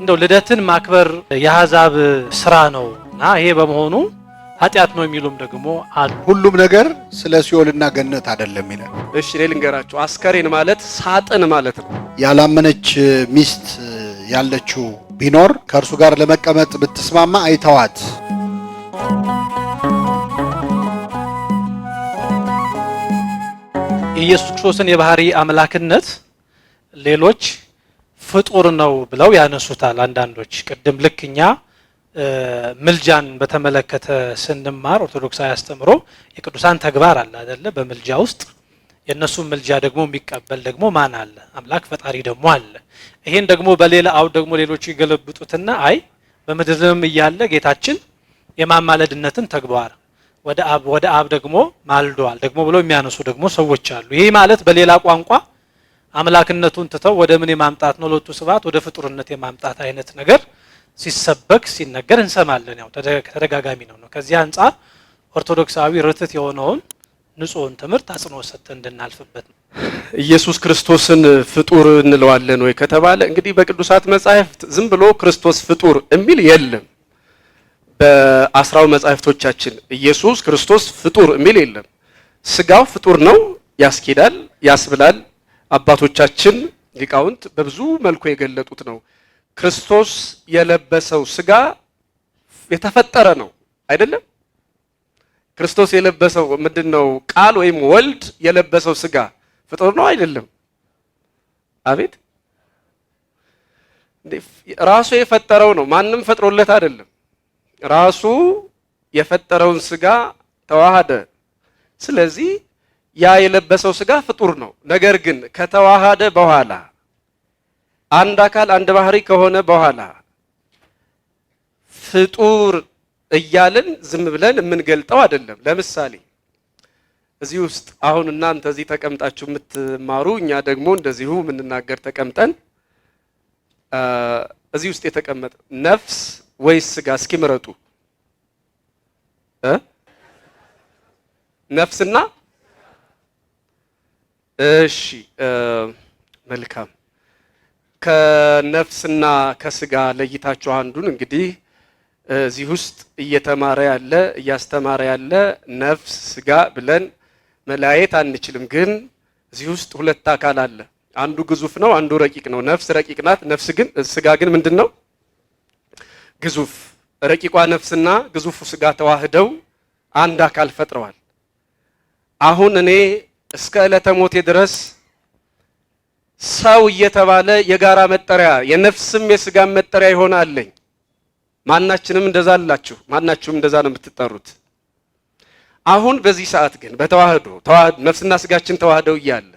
እንደው ልደትን ማክበር የአሕዛብ ስራ ነው እና ይሄ በመሆኑ ኃጢአት ነው የሚሉም ደግሞ አሉ። ሁሉም ነገር ስለ ሲኦልና ገነት አይደለም ይላል። እሺ እኔ ልንገራችሁ፣ አስከሬን ማለት ሳጥን ማለት ነው። ያላመነች ሚስት ያለችው ቢኖር ከእርሱ ጋር ለመቀመጥ ብትስማማ አይተዋት። ኢየሱስ ክርስቶስን የባህሪ አምላክነት ሌሎች ፍጡር ነው ብለው ያነሱታል አንዳንዶች። ቅድም ልክ እኛ ምልጃን በተመለከተ ስንማር ኦርቶዶክሳዊ አስተምሮ የቅዱሳን ተግባር አለ አይደለ? በምልጃ ውስጥ የእነሱን ምልጃ ደግሞ የሚቀበል ደግሞ ማን አለ? አምላክ ፈጣሪ ደግሞ አለ። ይሄን ደግሞ በሌላ አውድ ደግሞ ሌሎቹ ይገለብጡትና አይ በምድርም እያለ ጌታችን የማማለድነትን ተግባር ወደ አብ ደግሞ ማልደዋል ደግሞ ብለው የሚያነሱ ደግሞ ሰዎች አሉ። ይሄ ማለት በሌላ ቋንቋ አምላክነቱን ትተው ወደ ምን የማምጣት ነው? ለቱ ስብሐት ወደ ፍጡርነት የማምጣት አይነት ነገር ሲሰበክ ሲነገር እንሰማለን። ያው ተደጋጋሚ ነው ነው። ከዚህ አንጻር ኦርቶዶክሳዊ ርትት የሆነውን ንጹህን ትምህርት አጽንኦት ሰጥተን እንድናልፍበት ነው። ኢየሱስ ክርስቶስን ፍጡር እንለዋለን ወይ ከተባለ እንግዲህ በቅዱሳት መጻሕፍት ዝም ብሎ ክርስቶስ ፍጡር የሚል የለም። በአስራው መጻሕፍቶቻችን ኢየሱስ ክርስቶስ ፍጡር የሚል የለም። ስጋው ፍጡር ነው፣ ያስኬዳል፣ ያስብላል አባቶቻችን ሊቃውንት በብዙ መልኩ የገለጡት ነው። ክርስቶስ የለበሰው ስጋ የተፈጠረ ነው አይደለም። ክርስቶስ የለበሰው ምንድን ነው? ቃል ወይም ወልድ የለበሰው ስጋ ፍጡር ነው አይደለም? አቤት ራሱ የፈጠረው ነው። ማንም ፈጥሮለት አይደለም። ራሱ የፈጠረውን ስጋ ተዋሃደ። ስለዚህ ያ የለበሰው ስጋ ፍጡር ነው። ነገር ግን ከተዋሃደ በኋላ አንድ አካል አንድ ባህሪ ከሆነ በኋላ ፍጡር እያልን ዝም ብለን የምንገልጠው አይደለም። ለምሳሌ እዚህ ውስጥ አሁን እናንተ እዚህ ተቀምጣችሁ የምትማሩ እኛ ደግሞ እንደዚሁ የምንናገር ተቀምጠን እዚህ ውስጥ የተቀመጠ ነፍስ ወይስ ስጋ እስኪ ምረጡ። ነፍስና እሺ መልካም። ከነፍስና ከስጋ ለይታችሁ አንዱን እንግዲህ እዚህ ውስጥ እየተማረ ያለ እያስተማረ ያለ ነፍስ ስጋ ብለን መለያየት አንችልም። ግን እዚህ ውስጥ ሁለት አካል አለ። አንዱ ግዙፍ ነው፣ አንዱ ረቂቅ ነው። ነፍስ ረቂቅ ናት። ነፍስ ግን ስጋ ግን ምንድን ነው? ግዙፍ ረቂቋ ነፍስና ግዙፉ ስጋ ተዋህደው አንድ አካል ፈጥረዋል። አሁን እኔ እስከ ዕለተ ሞቴ ድረስ ሰው እየተባለ የጋራ መጠሪያ የነፍስም የስጋም መጠሪያ ይሆናለኝ። ማናችንም እንደዛ አላችሁ፣ ማናችሁም እንደዛ ነው የምትጠሩት። አሁን በዚህ ሰዓት ግን በተዋህዶ ነፍስና ስጋችን ተዋህደው እያለ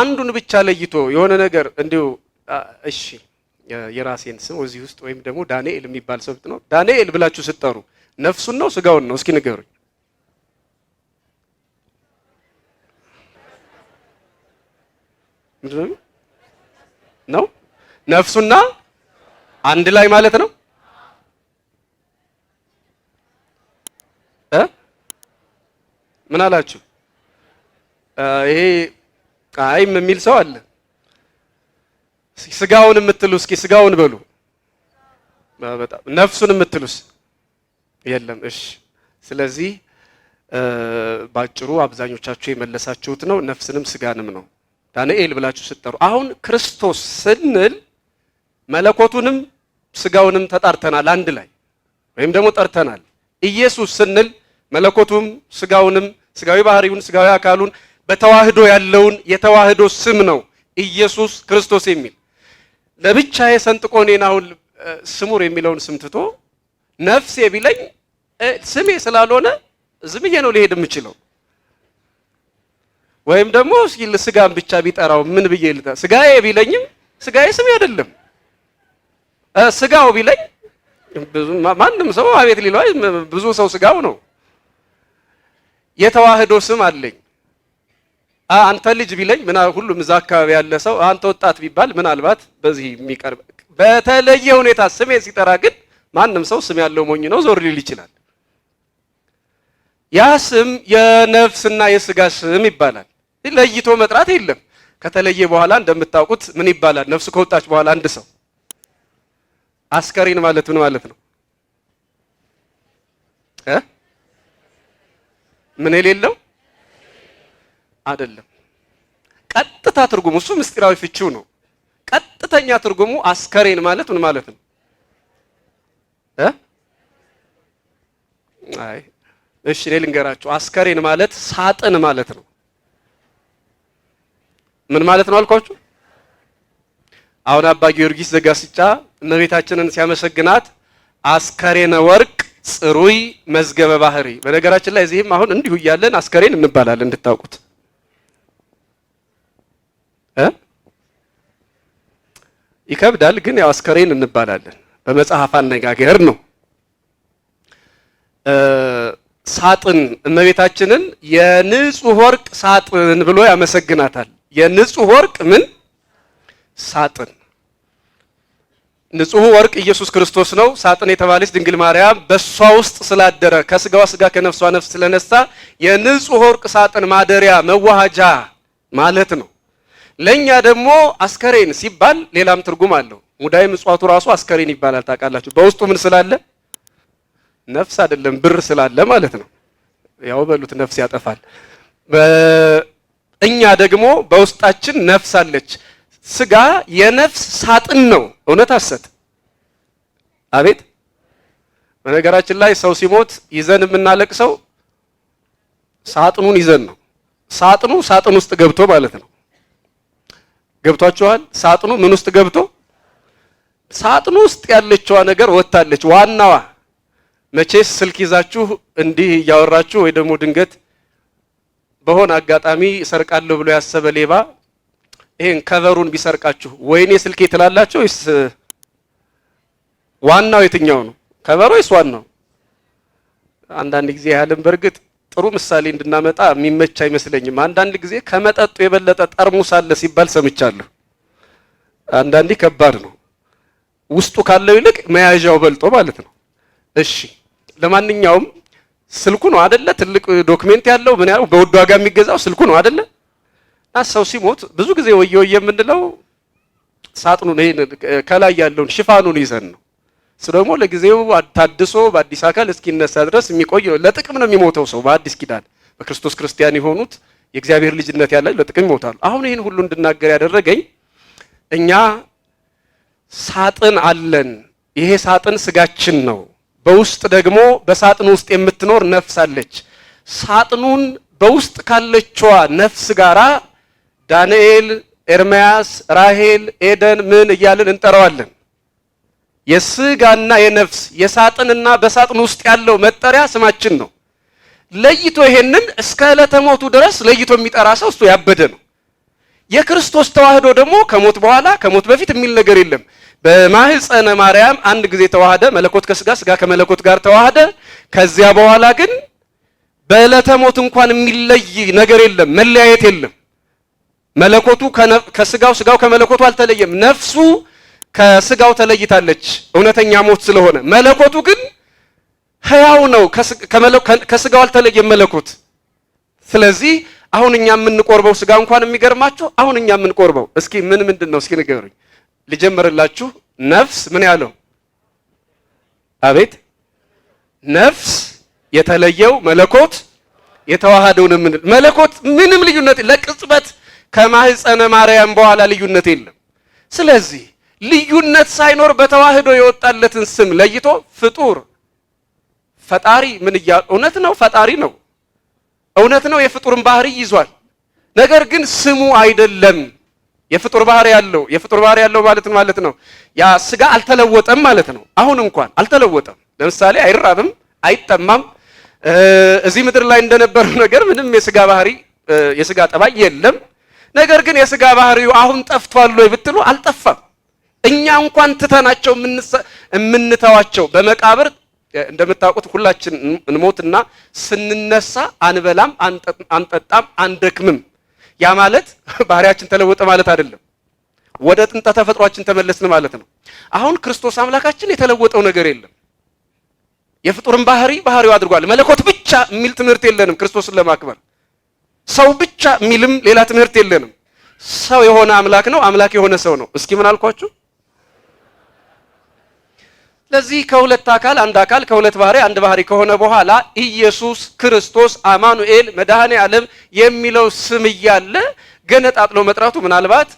አንዱን ብቻ ለይቶ የሆነ ነገር እንዲሁ እሺ የራሴን ስም እዚህ ውስጥ ወይም ደግሞ ዳንኤል የሚባል ሰው ብትኖር ዳንኤል ብላችሁ ስትጠሩ ነፍሱን ነው ስጋውን ነው? እስኪ ንገሩኝ። ነው ነፍሱና አንድ ላይ ማለት ነው ምን አላችሁ? ይሄ አይም የሚል ሰው አለ። ስጋውን የምትሉ እስኪ ስጋውን በሉ። በጣም ነፍሱን የምትሉስ የለም። እሺ፣ ስለዚህ በአጭሩ አብዛኞቻችሁ የመለሳችሁት ነው። ነፍስንም ስጋንም ነው። ዳንኤል ብላችሁ ስትጠሩ አሁን ክርስቶስ ስንል መለኮቱንም ስጋውንም ተጣርተናል አንድ ላይ ወይም ደግሞ ጠርተናል። ኢየሱስ ስንል መለኮቱም ስጋውንም ስጋዊ ባህሪውን ስጋዊ አካሉን በተዋህዶ ያለውን የተዋህዶ ስም ነው ኢየሱስ ክርስቶስ የሚል ለብቻዬ ሰንጥቆኔን አሁን ስሙር የሚለውን ስም ትቶ ነፍሴ ቢለኝ ስሜ ስላልሆነ ዝምዬ ነው ሊሄድ የምችለው ወይም ደግሞ ስጋን ብቻ ቢጠራው ምን ብዬ ስጋዬ ቢለኝም ስጋዬ ስሜ አይደለም። ስጋው ቢለኝ ማንም ሰው አቤት ሊለው ብዙ ሰው ስጋው ነው። የተዋህዶ ስም አለኝ። አንተ ልጅ ቢለኝ ምና ሁሉም እዛ አካባቢ ያለ ሰው አንተ ወጣት ቢባል ምናልባት በዚህ የሚቀርብ በተለየ ሁኔታ ስሜን ሲጠራ ግን ማንም ሰው ስም ያለው ሞኝ ነው፣ ዞር ሊል ይችላል። ያ ስም የነፍስና የስጋ ስም ይባላል። ለይቶ መጥራት የለም። ከተለየ በኋላ እንደምታውቁት ምን ይባላል? ነፍሱ ከወጣች በኋላ አንድ ሰው አስከሬን ማለት ምን ማለት ነው? ምን የሌለው አይደለም። ቀጥታ ትርጉሙ እሱ ምስጢራዊ ፍቺው ነው። ቀጥተኛ ትርጉሙ አስከሬን ማለት ምን ማለት ነው? አይ እሺ፣ እኔ ልንገራችሁ። አስከሬን ማለት ሳጥን ማለት ነው። ምን ማለት ነው አልኳችሁ? አሁን አባ ጊዮርጊስ ዘጋስጫ እመቤታችንን ሲያመሰግናት አስከሬነ ወርቅ ጽሩይ መዝገበ ባህሪ። በነገራችን ላይ እዚህም አሁን እንዲሁ እያለን አስከሬን እንባላለን እንድታውቁት እ ይከብዳል ግን ያው አስከሬን እንባላለን። በመጽሐፍ አነጋገር ነው። ሳጥን እመቤታችንን የንጹህ ወርቅ ሳጥን ብሎ ያመሰግናታል። የንጹህ ወርቅ ምን ሳጥን ንጹህ ወርቅ ኢየሱስ ክርስቶስ ነው። ሳጥን የተባለች ድንግል ማርያም በእሷ ውስጥ ስላደረ ከስጋዋ ስጋ ከነፍሷ ነፍስ ስለነሳ የንጹህ ወርቅ ሳጥን ማደሪያ መዋሃጃ ማለት ነው። ለእኛ ደግሞ አስከሬን ሲባል ሌላም ትርጉም አለው። ሙዳይ ምጽዋቱ ራሱ አስከሬን ይባላል። ታውቃላችሁ፣ በውስጡ ምን ስላለ? ነፍስ አይደለም ብር ስላለ ማለት ነው። ያው በሉት ነፍስ ያጠፋል። እኛ ደግሞ በውስጣችን ነፍስ አለች። ስጋ የነፍስ ሳጥን ነው። እውነት አሰት አቤት። በነገራችን ላይ ሰው ሲሞት ይዘን የምናለቅሰው ሳጥኑን ይዘን ነው። ሳጥኑ ሳጥን ውስጥ ገብቶ ማለት ነው። ገብቷችኋል? ሳጥኑ ምን ውስጥ ገብቶ ሳጥኑ ውስጥ ያለችዋ ነገር ወጥታለች። ዋናዋ መቼስ ስልክ ይዛችሁ እንዲህ እያወራችሁ ወይ ደግሞ ድንገት በሆነ አጋጣሚ ሰርቃለሁ ብሎ ያሰበ ሌባ ይሄን ከቨሩን ቢሰርቃችሁ ወይኔ ስልኬ ትላላችሁ ወይስ ዋናው የትኛው ነው? ከቨሩ ወይስ ዋናው? አንዳንድ ጊዜ ያህልም በእርግጥ ጥሩ ምሳሌ እንድናመጣ የሚመች አይመስለኝም። አንዳንድ ጊዜ ከመጠጡ የበለጠ ጠርሙስ አለ ሲባል ሰምቻለሁ። አንዳንዴ ከባድ ነው። ውስጡ ካለው ይልቅ መያዣው በልጦ ማለት ነው። እሺ ለማንኛውም ስልኩ ነው አደለ? ትልቅ ዶክሜንት ያለው ምን ያለው በውድ ዋጋ የሚገዛው ስልኩ ነው አደለ? እና ሰው ሲሞት ብዙ ጊዜ ወየ ወየ የምንለው ሳጥኑን ከላይ ያለውን ሽፋኑን ይዘን ነው። እሱ ደግሞ ለጊዜው ታድሶ በአዲስ አካል እስኪነሳ ድረስ የሚቆይ ነው። ለጥቅም ነው የሚሞተው ሰው። በአዲስ ኪዳን በክርስቶስ ክርስቲያን የሆኑት የእግዚአብሔር ልጅነት ያላቸው ለጥቅም ይሞታሉ። አሁን ይህን ሁሉ እንድናገር ያደረገኝ እኛ ሳጥን አለን። ይሄ ሳጥን ስጋችን ነው። በውስጥ ደግሞ በሳጥን ውስጥ የምትኖር ነፍስ አለች። ሳጥኑን በውስጥ ካለችዋ ነፍስ ጋራ ዳንኤል፣ ኤርምያስ፣ ራሄል፣ ኤደን ምን እያልን እንጠራዋለን? የስጋና የነፍስ የሳጥንና በሳጥን ውስጥ ያለው መጠሪያ ስማችን ነው። ለይቶ ይሄንን እስከ ዕለተ ሞቱ ድረስ ለይቶ የሚጠራ ሰው እሱ ያበደ ነው። የክርስቶስ ተዋህዶ ደግሞ ከሞት በኋላ ከሞት በፊት የሚል ነገር የለም። በማህፀነ ማርያም አንድ ጊዜ ተዋህደ መለኮት ከስጋ ስጋ ከመለኮት ጋር ተዋህደ ከዚያ በኋላ ግን በዕለተ ሞት እንኳን የሚለይ ነገር የለም፣ መለያየት የለም። መለኮቱ ከስጋው ስጋው ከመለኮቱ አልተለየም። ነፍሱ ከስጋው ተለይታለች እውነተኛ ሞት ስለሆነ፣ መለኮቱ ግን ህያው ነው። ከስጋው አልተለየም መለኮት። ስለዚህ አሁን እኛ የምንቆርበው ስጋ እንኳን የሚገርማችሁ፣ አሁን እኛ የምንቆርበው እስኪ ምን ምንድን ነው? እስኪ ንገሩኝ። ልጀምርላችሁ። ነፍስ ምን ያለው አቤት ነፍስ የተለየው መለኮት የተዋሃደው ምን መለኮት ምንም ልዩነት ለቅጽበት ከማህፀነ ማርያም በኋላ ልዩነት የለም። ስለዚህ ልዩነት ሳይኖር በተዋህዶ የወጣለትን ስም ለይቶ ፍጡር ፈጣሪ ምን እያ እውነት ነው፣ ፈጣሪ ነው፣ እውነት ነው። የፍጡርን ባህሪ ይዟል። ነገር ግን ስሙ አይደለም የፍጡር ባህሪ ያለው የፍጡር ባህሪ ያለው ማለት ማለት ነው። ያ ስጋ አልተለወጠም ማለት ነው። አሁን እንኳን አልተለወጠም። ለምሳሌ አይራብም፣ አይጠማም። እዚህ ምድር ላይ እንደነበረው ነገር ምንም የስጋ ባህሪ የስጋ ጠባይ የለም። ነገር ግን የስጋ ባህሪው አሁን ጠፍቷል ወይ ብትሉ አልጠፋም። እኛ እንኳን ትተናቸው የምንተዋቸው በመቃብር እንደምታውቁት ሁላችን እንሞትና ስንነሳ አንበላም፣ አንጠጣም፣ አንደክምም። ያ ማለት ባህሪያችን ተለወጠ ማለት አይደለም። ወደ ጥንተ ተፈጥሯችን ተመለስን ማለት ነው። አሁን ክርስቶስ አምላካችን የተለወጠው ነገር የለም። የፍጡርን ባህሪ ባህሪው አድርጓል። መለኮት ብቻ የሚል ትምህርት የለንም ክርስቶስን ለማክበር። ሰው ብቻ የሚልም ሌላ ትምህርት የለንም። ሰው የሆነ አምላክ ነው፣ አምላክ የሆነ ሰው ነው። እስኪ ምን አልኳችሁ? ለዚህ ከሁለት አካል አንድ አካል ከሁለት ባህሪ አንድ ባህሪ ከሆነ በኋላ ኢየሱስ ክርስቶስ አማኑኤል መድኃኔ ዓለም የሚለው ስም እያለ ገነጣጥሎ መጥራቱ ምናልባት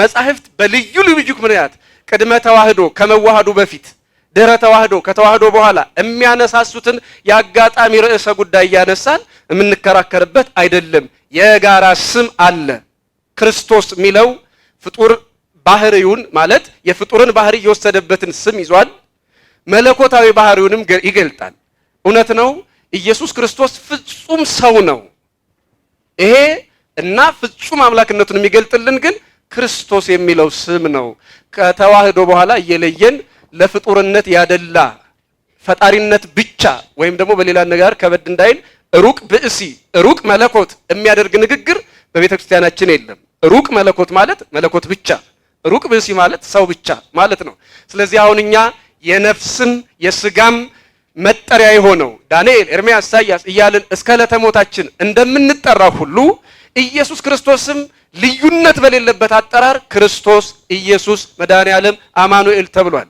መጻሕፍት በልዩ ልዩ ምክንያት ቅድመ ተዋህዶ ከመዋሃዱ በፊት ድህረ ተዋህዶ ከተዋህዶ በኋላ የሚያነሳሱትን የአጋጣሚ ርዕሰ ጉዳይ እያነሳን የምንከራከርበት አይደለም። የጋራ ስም አለ። ክርስቶስ የሚለው ፍጡር ባህሪውን ማለት የፍጡርን ባህሪ የወሰደበትን ስም ይዟል። መለኮታዊ ባህሪውንም ይገልጣል። እውነት ነው። ኢየሱስ ክርስቶስ ፍጹም ሰው ነው። ይሄ እና ፍጹም አምላክነቱን የሚገልጥልን ግን ክርስቶስ የሚለው ስም ነው። ከተዋህዶ በኋላ እየለየን ለፍጡርነት ያደላ ፈጣሪነት ብቻ ወይም ደግሞ በሌላ ነገር ከበድ እንዳይል ሩቅ ብእሲ ሩቅ መለኮት የሚያደርግ ንግግር በቤተ ክርስቲያናችን የለም። ሩቅ መለኮት ማለት መለኮት ብቻ ሩቅ ብእሲ ማለት ሰው ብቻ ማለት ነው። ስለዚህ አሁን እኛ የነፍስም የስጋም መጠሪያ የሆነው ዳንኤል፣ ኤርምያስ፣ ኢሳያስ እያልን እስከ ዕለተ ሞታችን እንደምንጠራ ሁሉ ኢየሱስ ክርስቶስም ልዩነት በሌለበት አጠራር ክርስቶስ ኢየሱስ መድኃኔ ዓለም አማኑኤል ተብሏል።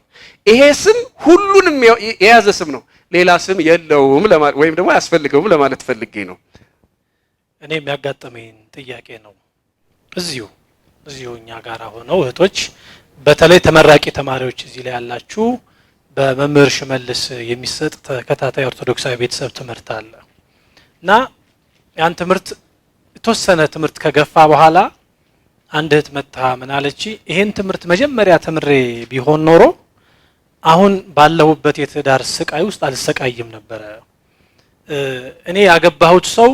ይሄ ስም ሁሉንም የያዘ ስም ነው። ሌላ ስም የለውም ወይም ደግሞ አያስፈልገውም ለማለት ፈልጌ ነው። እኔ የሚያጋጠመኝ ጥያቄ ነው እዚሁ እዚሁ እኛ ጋር ሆነው እህቶች፣ በተለይ ተመራቂ ተማሪዎች እዚህ ላይ ያላችሁ በመምህር ሽመልስ የሚሰጥ ተከታታይ ኦርቶዶክሳዊ ቤተሰብ ትምህርት አለ እና ያን ትምህርት የተወሰነ ትምህርት ከገፋ በኋላ አንድ እህት መጥታ ምን አለች? ይሄን ትምህርት መጀመሪያ ተምሬ ቢሆን ኖሮ አሁን ባለሁበት የትዳር ስቃይ ውስጥ አልሰቃይም ነበረ። እኔ ያገባሁት ሰው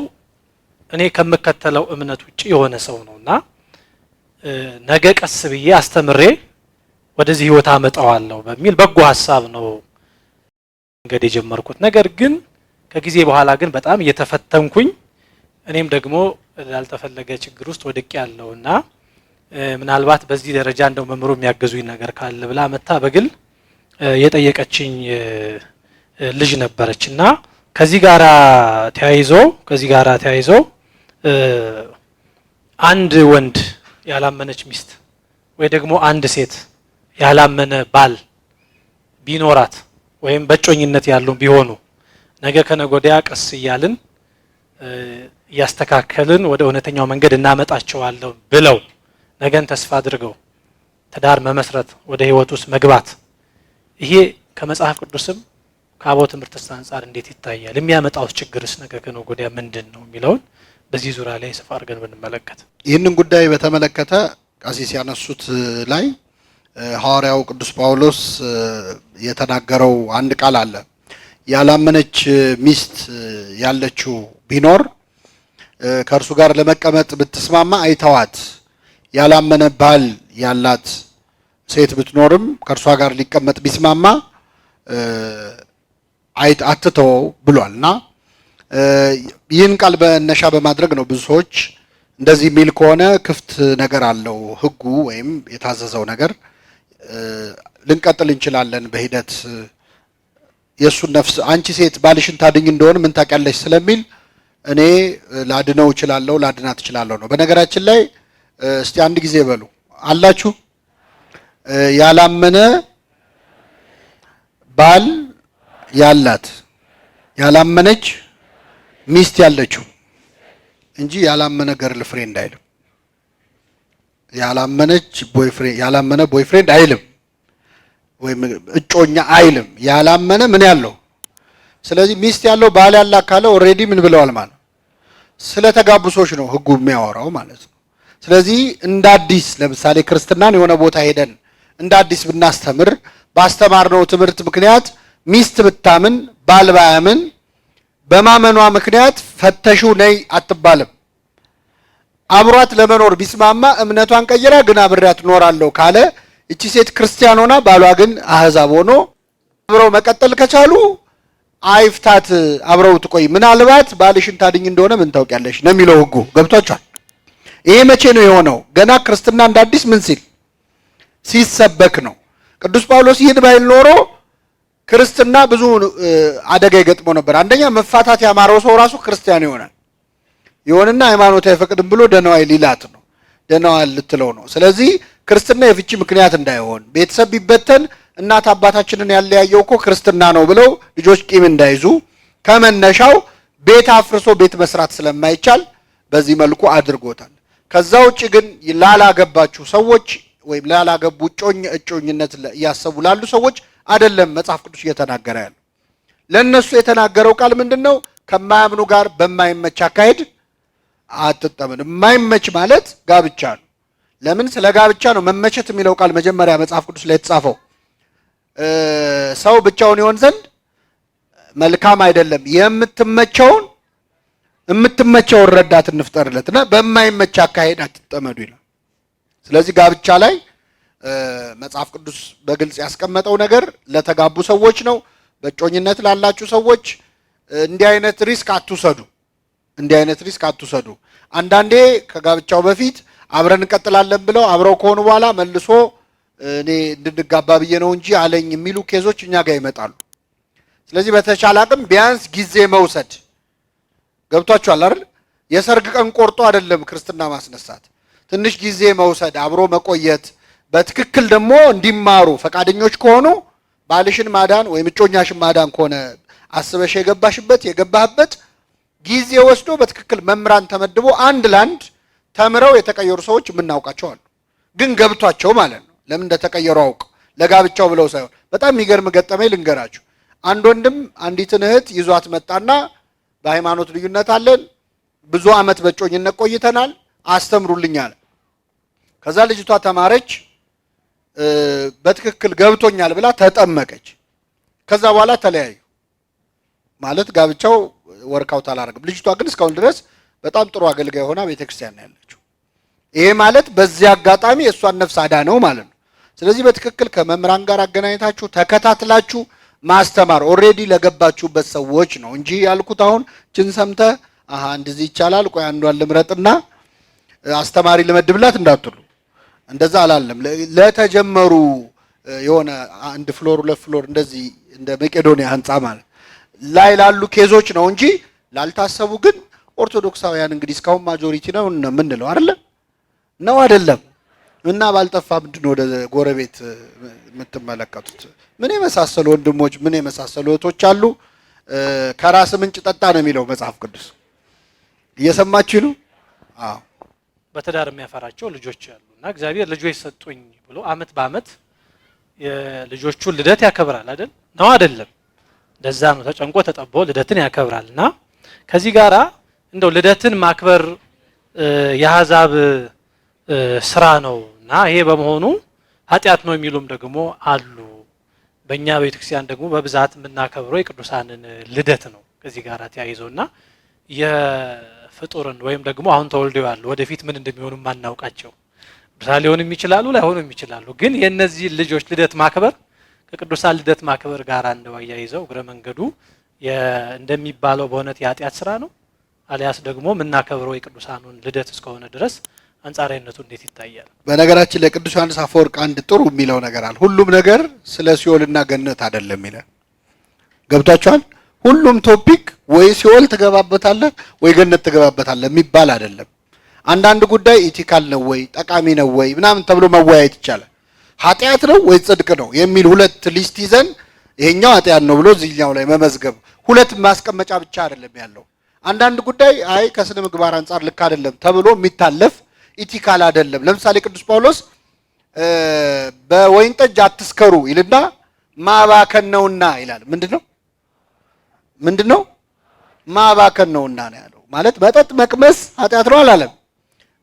እኔ ከምከተለው እምነት ውጭ የሆነ ሰው ነውና ነገ ቀስ ብዬ አስተምሬ ወደዚህ ህይወት አመጣዋለሁ በሚል በጎ ሀሳብ ነው መንገድ የጀመርኩት። ነገር ግን ከጊዜ በኋላ ግን በጣም እየተፈተንኩኝ እኔም ደግሞ ላልተፈለገ ችግር ውስጥ ወድቅ ያለው እና ምናልባት በዚህ ደረጃ እንደው መምሩ የሚያገዙኝ ነገር ካለ ብላ መታ በግል የጠየቀችኝ ልጅ ነበረች እና ከዚህ ጋራ ተያይዞ ከዚህ ጋር ተያይዞ አንድ ወንድ ያላመነች ሚስት ወይ ደግሞ አንድ ሴት ያላመነ ባል ቢኖራት ወይም በጮኝነት ያሉ ቢሆኑ ነገ ከነጎዲያ ቀስ እያልን እያስተካከልን ወደ እውነተኛው መንገድ እናመጣቸዋለን ብለው ነገን ተስፋ አድርገው ትዳር መመስረት ወደ ህይወት ውስጥ መግባት ይሄ ከመጽሐፍ ቅዱስም ከአቦ ትምህርት አንጻር እንዴት ይታያል? የሚያመጣው ችግርስ ነገ ከነጎዲያ ምንድን ነው የሚለውን በዚህ ዙሪያ ላይ ስፋ አድርገን ብንመለከት ይህንን ጉዳይ በተመለከተ ቀሲስ ያነሱት ላይ ሐዋርያው ቅዱስ ጳውሎስ የተናገረው አንድ ቃል አለ። ያላመነች ሚስት ያለችው ቢኖር ከእርሱ ጋር ለመቀመጥ ብትስማማ አይተዋት። ያላመነ ባል ያላት ሴት ብትኖርም ከእርሷ ጋር ሊቀመጥ ቢስማማ አትተወው ብሏል እና ይህን ቃል መነሻ በማድረግ ነው ብዙ ሰዎች እንደዚህ የሚል ከሆነ ክፍት ነገር አለው ህጉ ወይም የታዘዘው ነገር ልንቀጥል እንችላለን በሂደት የእሱን ነፍስ አንቺ ሴት ባልሽን ታድኝ እንደሆነ ምን ታውቂያለሽ ስለሚል እኔ ላድነው እችላለሁ ላድና ትችላለሁ ነው። በነገራችን ላይ እስቲ አንድ ጊዜ በሉ አላችሁ። ያላመነ ባል ያላት ያላመነች ሚስት ያለችው እንጂ ያላመነ ገርል ፍሬንድ አይልም። ያላመነች ቦይፍሬንድ ያላመነ ቦይፍሬንድ አይልም፣ ወይም እጮኛ አይልም። ያላመነ ምን ያለው ስለዚህ ሚስት ያለው ባል ያላት ካለ ኦልሬዲ ምን ብለዋል ማለት ስለተጋቡ ሰዎች ነው ህጉ የሚያወራው ማለት ነው። ስለዚህ እንደ አዲስ ለምሳሌ ክርስትናን የሆነ ቦታ ሄደን እንደ አዲስ ብናስተምር ባስተማርነው ትምህርት ምክንያት ሚስት ብታምን ባል ባያምን በማመኗ ምክንያት ፈተሹ ነይ አትባልም። አብሯት ለመኖር ቢስማማ እምነቷን ቀይራ ግን አብሬያት እኖራለሁ ካለ እቺ ሴት ክርስቲያን ሆና ባሏ ግን አህዛብ ሆኖ አብረው መቀጠል ከቻሉ አይፍታት፣ አብረው ትቆይ። ምናልባት ባልሽን ታድኝ እንደሆነ ምን ታውቂያለሽ ነው የሚለው ህጉ። ገብቷቸዋል። ይሄ መቼ ነው የሆነው? ገና ክርስትና እንደ አዲስ ምን ሲል ሲሰበክ ነው። ቅዱስ ጳውሎስ ይህን ባይል ኖሮ ክርስትና ብዙ አደጋ ይገጥሞ ነበር። አንደኛ መፋታት ያማረው ሰው ራሱ ክርስቲያን ይሆናል። ይሆንና ሃይማኖት አይፈቅድም ብሎ ደነዋይ ሊላት ነው፣ ደነዋይ ልትለው ነው። ስለዚህ ክርስትና የፍቺ ምክንያት እንዳይሆን ቤተሰብ ቢበተን እናት አባታችንን ያለያየው እኮ ክርስትና ነው ብለው ልጆች ቂም እንዳይዙ ከመነሻው ቤት አፍርሶ ቤት መስራት ስለማይቻል በዚህ መልኩ አድርጎታል። ከዛ ውጭ ግን ላላገባችሁ ሰዎች ወይም ላላገቡ እጮኝነት እያሰቡ ላሉ ሰዎች አይደለም መጽሐፍ ቅዱስ እየተናገረ ያለው። ለእነሱ የተናገረው ቃል ምንድን ነው? ከማያምኑ ጋር በማይመች አካሄድ አትጠመዱ የማይመች ማለት ጋብቻ ነው። ለምን? ስለ ጋብቻ ነው። መመቸት የሚለው ቃል መጀመሪያ መጽሐፍ ቅዱስ ላይ የተጻፈው ሰው ብቻውን ይሆን ዘንድ መልካም አይደለም፣ የምትመቸውን የምትመቸውን ረዳት እንፍጠርለት እና በማይመች አካሄድ አትጠመዱ ይላል። ስለዚህ ጋብቻ ላይ መጽሐፍ ቅዱስ በግልጽ ያስቀመጠው ነገር ለተጋቡ ሰዎች ነው። በእጮኝነት ላላችሁ ሰዎች እንዲህ አይነት ሪስክ አትውሰዱ፣ እንዲህ አይነት ሪስክ አትውሰዱ። አንዳንዴ ከጋብቻው በፊት አብረን እንቀጥላለን ብለው አብረው ከሆኑ በኋላ መልሶ እኔ እንድንጋባ ብዬ ነው እንጂ አለኝ የሚሉ ኬዞች እኛ ጋር ይመጣሉ። ስለዚህ በተቻለ አቅም ቢያንስ ጊዜ መውሰድ ገብቷችኋል አይደል? የሰርግ ቀን ቆርጦ አይደለም ክርስትና ማስነሳት፣ ትንሽ ጊዜ መውሰድ፣ አብሮ መቆየት በትክክል ደግሞ እንዲማሩ ፈቃደኞች ከሆኑ ባልሽን ማዳን ወይም እጮኛሽን ማዳን ከሆነ አስበሽ የገባሽበት የገባህበት ጊዜ ወስዶ በትክክል መምህራን ተመድቦ አንድ ለአንድ ተምረው የተቀየሩ ሰዎች የምናውቃቸው አሉ። ግን ገብቷቸው ማለት ነው። ለምን እንደተቀየሩ አውቅ ለጋብቻው ብለው ሳይሆን በጣም የሚገርም ገጠመኝ ልንገራችሁ። አንድ ወንድም አንዲትን እህት ይዟት መጣና በሃይማኖት ልዩነት አለን፣ ብዙ ዓመት በጮኝነት ቆይተናል፣ አስተምሩልኛል። ከዛ ልጅቷ ተማረች። በትክክል ገብቶኛል ብላ ተጠመቀች። ከዛ በኋላ ተለያዩ። ማለት ጋብቻው ወርካውት አላረግም። ልጅቷ ግን እስካሁን ድረስ በጣም ጥሩ አገልጋይ ሆና ቤተክርስቲያን ነው ያለችው። ይሄ ማለት በዚህ አጋጣሚ የእሷን ነፍስ አዳ ነው ማለት ነው። ስለዚህ በትክክል ከመምህራን ጋር አገናኝታችሁ ተከታትላችሁ ማስተማር ኦሬዲ ለገባችሁበት ሰዎች ነው እንጂ ያልኩት አሁን ችን ሰምተ አሀ እንደዚህ ይቻላል ቆይ አንዷን ልምረጥና አስተማሪ ልመድብላት እንዳትሉ እንደዛ አላለም። ለተጀመሩ የሆነ አንድ ፍሎር ሁለት ፍሎር እንደዚህ እንደ መቄዶንያ ህንፃ ማለት ላይ ላሉ ኬዞች ነው እንጂ ላልታሰቡ ግን ኦርቶዶክሳውያን እንግዲህ እስካሁን ማጆሪቲ ነው የምንለው አይደለ? ነው አይደለም? እና ባልጠፋ ምንድን ወደ ጎረቤት የምትመለከቱት ምን የመሳሰሉ ወንድሞች ምን የመሳሰሉ እህቶች አሉ። ከራስ ምንጭ ጠጣ ነው የሚለው መጽሐፍ ቅዱስ። እየሰማችሁ ነው? አዎ በትዳር የሚያፈራቸው ልጆች አሉ እና እግዚአብሔር ልጆች ሰጡኝ ብሎ አመት በአመት የልጆቹን ልደት ያከብራል አይደል? ነው አይደለም? እንደዛ ነው ተጨንቆ ተጠቦ ልደትን ያከብራል። እና ከዚህ ጋራ እንደው ልደትን ማክበር የአሕዛብ ስራ ነው እና ይሄ በመሆኑ ኃጢአት ነው የሚሉም ደግሞ አሉ። በእኛ ቤተክርስቲያን ደግሞ በብዛት የምናከብረው የቅዱሳንን ልደት ነው ከዚህ ተያይዘው እና። ፍጡርን ወይም ደግሞ አሁን ተወልደው ያሉ ወደፊት ምን እንደሚሆኑ ማናውቃቸው ቅዱሳን ሊሆኑ የሚችላሉ ላይሆኑ የሚችላሉ ግን የእነዚህ ልጆች ልደት ማክበር ከቅዱሳን ልደት ማክበር ጋር እንደው አያይዘው እግረ መንገዱ እንደሚባለው በእውነት የኃጢአት ስራ ነው አሊያስ ደግሞ የምናከብረው የቅዱሳኑን ልደት እስከሆነ ድረስ አንጻራዊነቱ እንዴት ይታያል? በነገራችን ላይ ቅዱስ ዮሐንስ አፈወርቅ አንድ ጥሩ የሚለው ነገር አለ። ሁሉም ነገር ስለ ሲኦልና ገነት አይደለም ይላል። ገብቷችኋል? ሁሉም ቶፒክ ወይ ሲኦል ትገባበታለህ ወይ ገነት ትገባበታለህ የሚባል አይደለም። አንዳንድ ጉዳይ ኢቲካል ነው ወይ ጠቃሚ ነው ወይ ምናምን ተብሎ መወያየት ይቻላል። ኃጢአት ነው ወይ ጽድቅ ነው የሚል ሁለት ሊስት ይዘን ይሄኛው ኃጢአት ነው ብሎ እዚህኛው ላይ መመዝገብ ሁለት ማስቀመጫ ብቻ አይደለም ያለው። አንዳንድ ጉዳይ አይ ከስነ ምግባር አንጻር ልክ አይደለም ተብሎ የሚታለፍ ኢቲካል አይደለም። ለምሳሌ ቅዱስ ጳውሎስ በወይን ጠጅ አትስከሩ ይልና ማባከን ነውና ይላል። ምንድን ነው ምንድን ነው ማባከን ነውና ነው ያለው። ማለት መጠጥ መቅመስ ኃጢአት ነው አላለም፣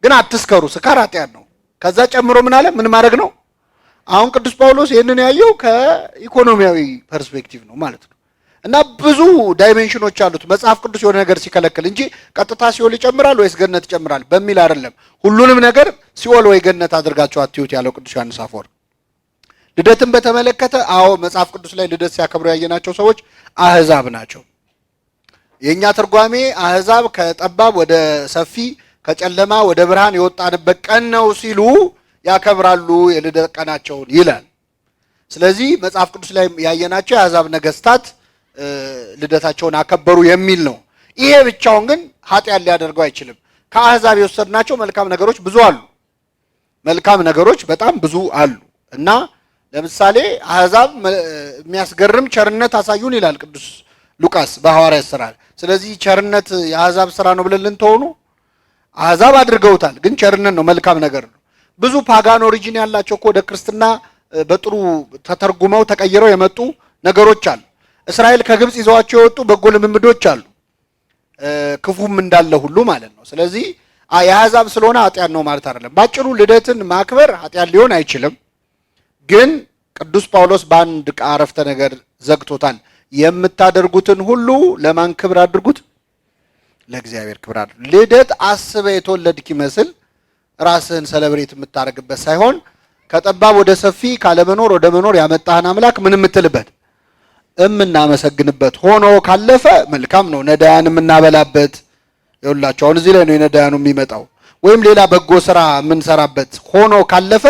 ግን አትስከሩ፣ ስካር ኃጢአት ነው። ከዛ ጨምሮ ምን አለ? ምን ማድረግ ነው? አሁን ቅዱስ ጳውሎስ ይህንን ያየው ከኢኮኖሚያዊ ፐርስፔክቲቭ ነው ማለት ነው። እና ብዙ ዳይሜንሽኖች አሉት መጽሐፍ ቅዱስ የሆነ ነገር ሲከለክል እንጂ ቀጥታ ሲኦል ይጨምራል ወይስ ገነት ይጨምራል በሚል አይደለም። ሁሉንም ነገር ሲኦል ወይ ገነት አድርጋቸው አትዩት ያለው ቅዱስ ዮሐንስ አፈወርቅ። ልደትን በተመለከተ አዎ መጽሐፍ ቅዱስ ላይ ልደት ሲያከብሩ ያየናቸው ሰዎች አህዛብ ናቸው። የእኛ ትርጓሜ አህዛብ ከጠባብ ወደ ሰፊ ከጨለማ ወደ ብርሃን የወጣንበት ቀን ነው ሲሉ ያከብራሉ የልደት ቀናቸውን ይላል። ስለዚህ መጽሐፍ ቅዱስ ላይ ያየናቸው የአህዛብ ነገስታት ልደታቸውን አከበሩ የሚል ነው። ይሄ ብቻውን ግን ኃጢአት ሊያደርገው አይችልም። ከአህዛብ የወሰድናቸው መልካም ነገሮች ብዙ አሉ። መልካም ነገሮች በጣም ብዙ አሉ እና ለምሳሌ አህዛብ የሚያስገርም ቸርነት አሳዩን ይላል ቅዱስ ሉቃስ በሐዋርያት ስራ። ስለዚህ ቸርነት የአሕዛብ ስራ ነው ብለን ልንተሆኑ አሕዛብ አድርገውታል፣ ግን ቸርነት ነው፣ መልካም ነገር ነው። ብዙ ፓጋን ኦሪጂን ያላቸው እኮ ወደ ክርስትና በጥሩ ተተርጉመው ተቀይረው የመጡ ነገሮች አሉ። እስራኤል ከግብፅ ይዘዋቸው የወጡ በጎ ልምምዶች አሉ፣ ክፉም እንዳለ ሁሉ ማለት ነው። ስለዚህ የአሕዛብ ስለሆነ ኃጢአት ነው ማለት አይደለም። ባጭሩ ልደትን ማክበር ኃጢአት ሊሆን አይችልም፣ ግን ቅዱስ ጳውሎስ በአንድ አረፍተ ነገር ዘግቶታል። የምታደርጉትን ሁሉ ለማን ክብር አድርጉት? ለእግዚአብሔር ክብር አድርጉት። ልደት አስበ የተወለድክ ይመስል ራስህን ሰለብሬት የምታደርግበት ሳይሆን ከጠባብ ወደ ሰፊ ካለመኖር ወደ መኖር ያመጣህን አምላክ ምን የምትልበት እምናመሰግንበት ሆኖ ካለፈ መልካም ነው። ነዳያን የምናበላበት ይኸውላችሁ፣ አሁን እዚህ ላይ ነው የነዳያኑ የሚመጣው። ወይም ሌላ በጎ ስራ የምንሰራበት ሆኖ ካለፈ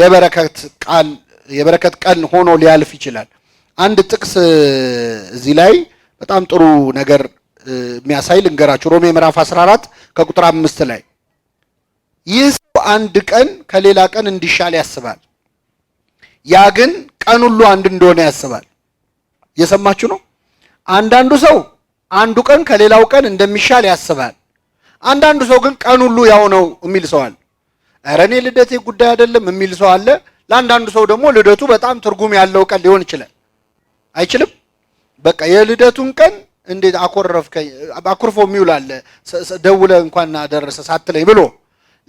የበረከት ቃል የበረከት ቀን ሆኖ ሊያልፍ ይችላል። አንድ ጥቅስ እዚህ ላይ በጣም ጥሩ ነገር የሚያሳይ ልንገራችሁ። ሮሜ ምዕራፍ 14 ከቁጥር አምስት ላይ ይህ ሰው አንድ ቀን ከሌላ ቀን እንዲሻል ያስባል፣ ያ ግን ቀን ሁሉ አንድ እንደሆነ ያስባል። እየሰማችሁ ነው። አንዳንዱ ሰው አንዱ ቀን ከሌላው ቀን እንደሚሻል ያስባል። አንዳንዱ ሰው ግን ቀን ሁሉ ያው ነው የሚል ሰው አለ። እረ እኔ ልደቴ ጉዳይ አይደለም የሚል ሰው አለ። ለአንዳንዱ ሰው ደግሞ ልደቱ በጣም ትርጉም ያለው ቀን ሊሆን ይችላል። አይችልም። በቃ የልደቱን ቀን እንዴት አኮረፍከኝ፣ አኩርፎ የሚውል አለ። ደውለ እንኳን አደረሰ ሳትለኝ ብሎ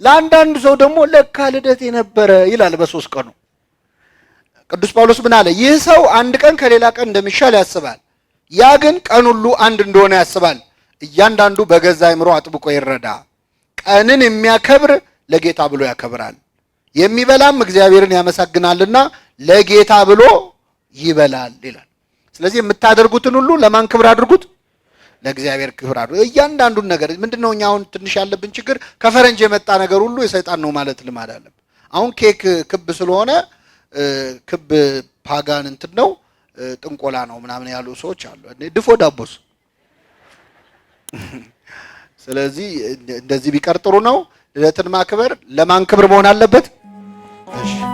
ለአንዳንዱ ሰው ደግሞ ለካ ልደቴ ነበረ ይላል። በሶስት ቀኑ ቅዱስ ጳውሎስ ምን አለ? ይህ ሰው አንድ ቀን ከሌላ ቀን እንደሚሻል ያስባል፣ ያ ግን ቀን ሁሉ አንድ እንደሆነ ያስባል። እያንዳንዱ በገዛ አይምሮ አጥብቆ ይረዳ። ቀንን የሚያከብር ለጌታ ብሎ ያከብራል፣ የሚበላም እግዚአብሔርን ያመሰግናልና ለጌታ ብሎ ይበላል ይላል። ስለዚህ የምታደርጉትን ሁሉ ለማን ክብር አድርጉት? ለእግዚአብሔር ክብር አድርጉ። እያንዳንዱን ነገር ምንድነው እኛ አሁን ትንሽ ያለብን ችግር ከፈረንጅ የመጣ ነገር ሁሉ የሰይጣን ነው ማለት ልማድ አለብን። አሁን ኬክ ክብ ስለሆነ ክብ ፓጋን እንትን ነው ጥንቆላ ነው ምናምን ያሉ ሰዎች አሉ። ድፎ ዳቦስ? ስለዚህ እንደዚህ ቢቀርጥሩ ነው። ልደትን ማክበር ለማን ክብር መሆን አለበት?